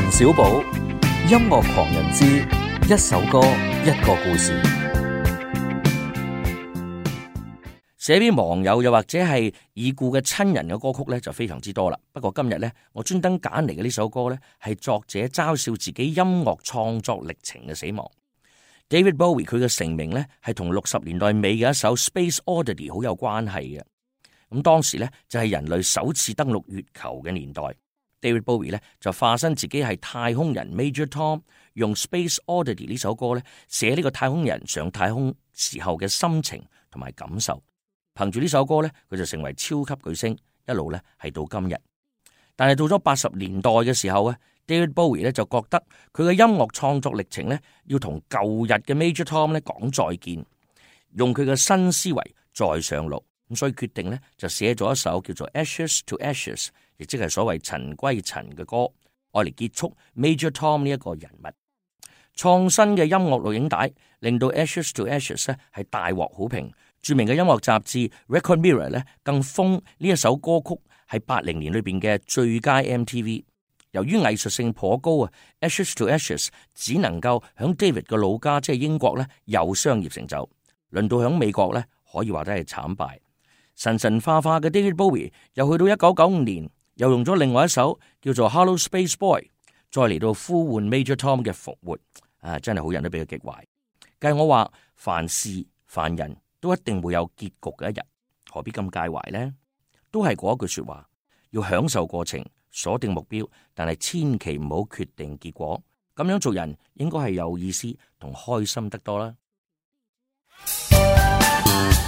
陳少寶，音樂狂人之一首歌一個故事，寫俾網友又或者係已故嘅親人嘅歌曲咧，就非常之多啦。不過今日咧，我專登揀嚟嘅呢首歌咧，係作者嘲笑自己音樂創作歷程嘅死亡。David Bowie 佢嘅成名咧，係同六十年代尾嘅一首《Space Oddity》好有關係嘅。咁當時咧就係人類首次登陸月球嘅年代。David Bowie 咧就化身自己係太空人 Major Tom，用 Space Oddity 呢首歌咧寫呢個太空人上太空時候嘅心情同埋感受，憑住呢首歌咧佢就成為超級巨星，一路咧係到今日。但係到咗八十年代嘅時候咧 David Bowie 咧就覺得佢嘅音樂創作歷程咧要同舊日嘅 Major Tom 咧講再見，用佢嘅新思維再上路。咁所以決定咧，就寫咗一首叫做《Ashes to Ashes》，亦即係所謂塵歸塵嘅歌，愛嚟結束 Major Tom 呢一個人物創新嘅音樂錄影帶，令到《Ashes to Ashes》咧係大獲好評。著名嘅音樂雜誌《Record Mirror》咧更封呢一首歌曲係八零年裏邊嘅最佳 MTV。由於藝術性頗高啊，《Ashes to Ashes》只能夠響 David 嘅老家，即係英國咧有商業成就。輪到響美國咧，可以話得係慘敗。神神化化嘅 David Bowie，又去到一九九五年，又用咗另外一首叫做《Hello Space Boy》，再嚟到呼喚 Major Tom 嘅復活，啊，真係好人都畀佢激壞。計我話，凡事凡人都一定會有結局嘅一日，何必咁介懷呢？都係嗰一句說話，要享受過程，鎖定目標，但係千祈唔好決定結果。咁樣做人應該係有意思同開心得多啦。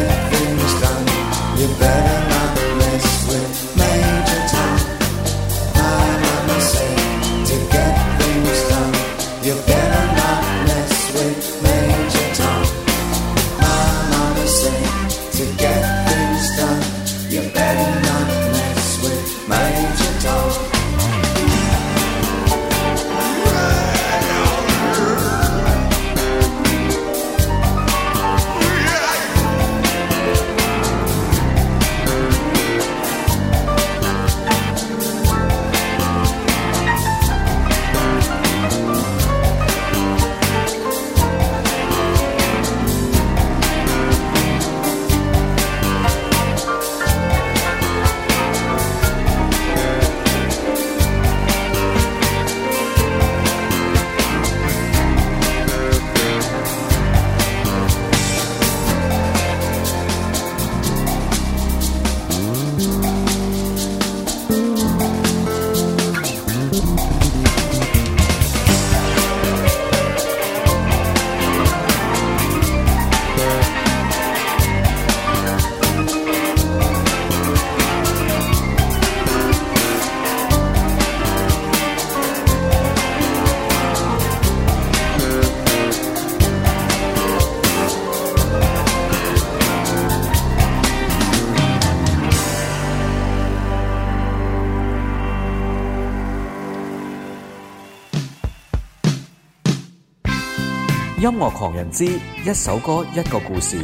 音樂狂人之，一首歌，一個故事，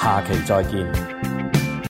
下期再見。